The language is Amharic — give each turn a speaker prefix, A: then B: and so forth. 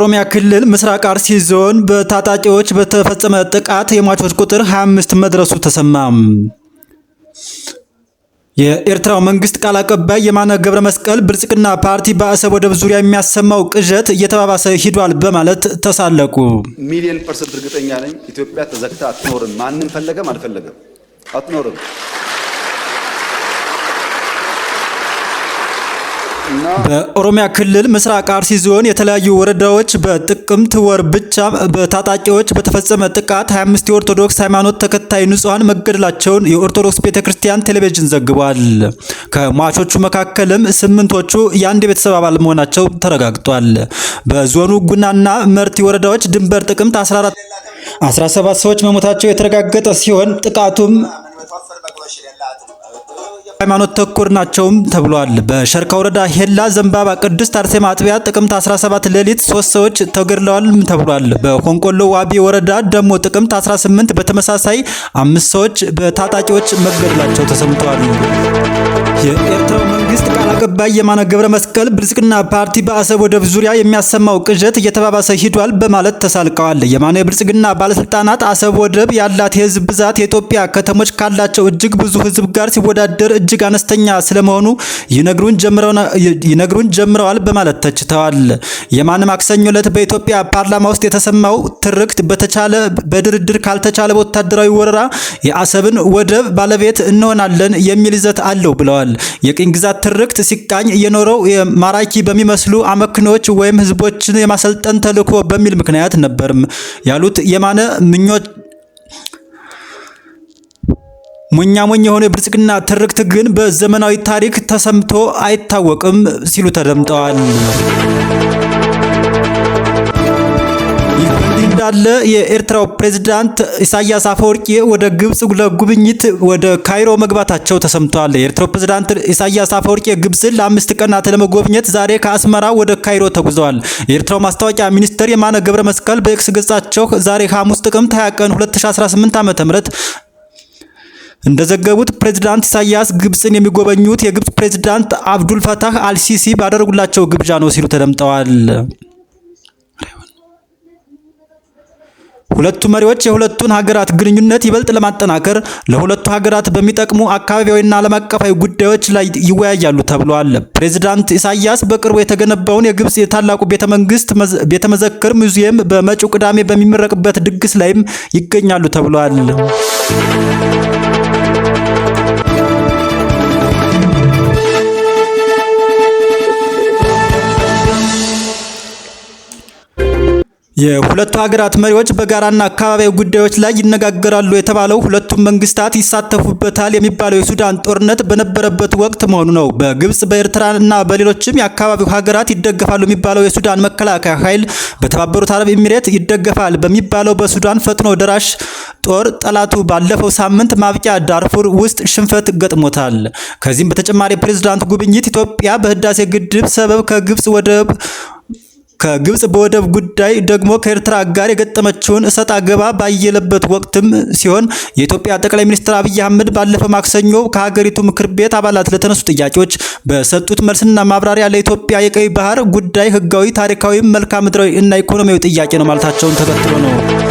A: በኦሮሚያ ክልል ምስራቅ አርሲ ዞን በታጣቂዎች በተፈጸመ ጥቃት የሟቾች ቁጥር 25 መድረሱ ተሰማ። የኤርትራው መንግስት ቃል አቀባይ የማነ ገብረ መስቀል ብልጽግና ፓርቲ በአሰብ ወደብ ዙሪያ የሚያሰማው ቅዠት እየተባባሰ ሂዷል በማለት ተሳለቁ።
B: ሚሊዮን ፐርሰንት እርግጠኛ ነኝ ኢትዮጵያ ተዘግታ አትኖርም። ማንም ፈለገም አልፈለገም አትኖርም።
A: በኦሮሚያ ክልል ምስራቅ አርሲ ዞን የተለያዩ ወረዳዎች በጥቅምት ወር ብቻ በታጣቂዎች በተፈጸመ ጥቃት 25 የኦርቶዶክስ ሃይማኖት ተከታይ ንጹሐን መገደላቸውን የኦርቶዶክስ ቤተ ክርስቲያን ቴሌቪዥን ዘግቧል። ከሟቾቹ መካከልም ስምንቶቹ የአንድ የቤተሰብ አባል መሆናቸው ተረጋግጧል። በዞኑ ጉናና መርቲ ወረዳዎች ድንበር ጥቅምት 14 17 ሰዎች መሞታቸው የተረጋገጠ ሲሆን ጥቃቱም ሃይማኖት ተኮር ናቸውም ተብሏል። በሸርካ ወረዳ ሄላ ዘንባባ ቅድስት አርሴማ አጥቢያ ጥቅምት 17 ሌሊት ሶስት ሰዎች ተገድለዋልም ተብሏል። በኮንቆሎ ዋቢ ወረዳ ደግሞ ጥቅምት 18 በተመሳሳይ አምስት ሰዎች በታጣቂዎች መገደላቸው ተሰምተዋል። የኤርትራው መንግስት ቃል አቀባይ የማነ ገብረ መስቀል ብልጽግና ፓርቲ በአሰብ ወደብ ዙሪያ የሚያሰማው ቅዠት እየተባባሰ ሂዷል በማለት ተሳልቀዋል። የማነ የብልጽግና ባለስልጣናት አሰብ ወደብ ያላት የህዝብ ብዛት የኢትዮጵያ ከተሞች ካላቸው እጅግ ብዙ ህዝብ ጋር ሲወዳደር እጅግ አነስተኛ ስለመሆኑ ይነግሩን ጀምረዋል በማለት ተችተዋል። የማን ማክሰኞ ዕለት በኢትዮጵያ ፓርላማ ውስጥ የተሰማው ትርክት በተቻለ በድርድር ካልተቻለ በወታደራዊ ወረራ የአሰብን ወደብ ባለቤት እንሆናለን የሚል ይዘት አለው ብለዋል። የቅኝ ግዛት ትርክት ሲቃኝ የኖረው ማራኪ በሚመስሉ አመክኖዎች ወይም ህዝቦችን የማሰልጠን ተልዕኮ በሚል ምክንያት ነበርም ያሉት የማነ ምኞት ሞኛ ሞኝ የሆነ የብልጽግና ትርክት ግን በዘመናዊ ታሪክ ተሰምቶ አይታወቅም ሲሉ ተደምጠዋል። እንዳለ የኤርትራው ፕሬዝዳንት ኢሳያስ አፈወርቂ ወደ ግብጽ ለጉብኝት ወደ ካይሮ መግባታቸው ተሰምቷል። የኤርትራው ፕሬዝዳንት ኢሳያስ አፈወርቂ ግብጽን ለአምስት ቀናት ለመጎብኘት ዛሬ ከአስመራ ወደ ካይሮ ተጉዘዋል። የኤርትራው ማስታወቂያ ሚኒስትር የማነ ገብረ መስቀል በኤክስ ገጻቸው ዛሬ ሐሙስ ጥቅምት 20 ቀን 2018 ዓ.ም እንደዘገቡት ፕሬዝዳንት ኢሳያስ ግብፅን የሚጎበኙት የግብፅ ፕሬዝዳንት አብዱል ፈታህ አልሲሲ ባደረጉላቸው ግብዣ ነው ሲሉ ተደምጠዋል። ሁለቱ መሪዎች የሁለቱን ሀገራት ግንኙነት ይበልጥ ለማጠናከር ለሁለቱ ሀገራት በሚጠቅሙ አካባቢያዊና ዓለም አቀፋዊ ጉዳዮች ላይ ይወያያሉ ተብሏል። ፕሬዚዳንት ኢሳያስ በቅርቡ የተገነባውን የግብፅ የታላቁ ቤተመንግስት ቤተመዘክር ሙዚየም በመጪው ቅዳሜ በሚመረቅበት ድግስ ላይም ይገኛሉ ተብሏል። የሁለቱ ሀገራት መሪዎች በጋራና አካባቢያዊ ጉዳዮች ላይ ይነጋገራሉ የተባለው ሁለቱም መንግስታት ይሳተፉበታል የሚባለው የሱዳን ጦርነት በነበረበት ወቅት መሆኑ ነው። በግብጽ በኤርትራና በሌሎችም የአካባቢው ሀገራት ይደገፋሉ የሚባለው የሱዳን መከላከያ ኃይል በተባበሩት አረብ ኤሚሬት ይደገፋል በሚባለው በሱዳን ፈጥኖ ደራሽ ጦር ጠላቱ ባለፈው ሳምንት ማብቂያ ዳርፉር ውስጥ ሽንፈት ገጥሞታል። ከዚህም በተጨማሪ ፕሬዚዳንት ጉብኝት ኢትዮጵያ በህዳሴ ግድብ ሰበብ ከግብጽ ወደብ ከግብጽ በወደብ ጉዳይ ደግሞ ከኤርትራ ጋር የገጠመችውን እሰጥ አገባ ባየለበት ወቅትም ሲሆን የኢትዮጵያ ጠቅላይ ሚኒስትር አብይ አህመድ ባለፈ ማክሰኞ ከሀገሪቱ ምክር ቤት አባላት ለተነሱ ጥያቄዎች በሰጡት መልስና ማብራሪያ ለኢትዮጵያ የቀይ ባህር ጉዳይ ህጋዊ ታሪካዊ፣ መልክዓ ምድራዊ እና ኢኮኖሚያዊ ጥያቄ ነው ማለታቸውን ተከትሎ ነው።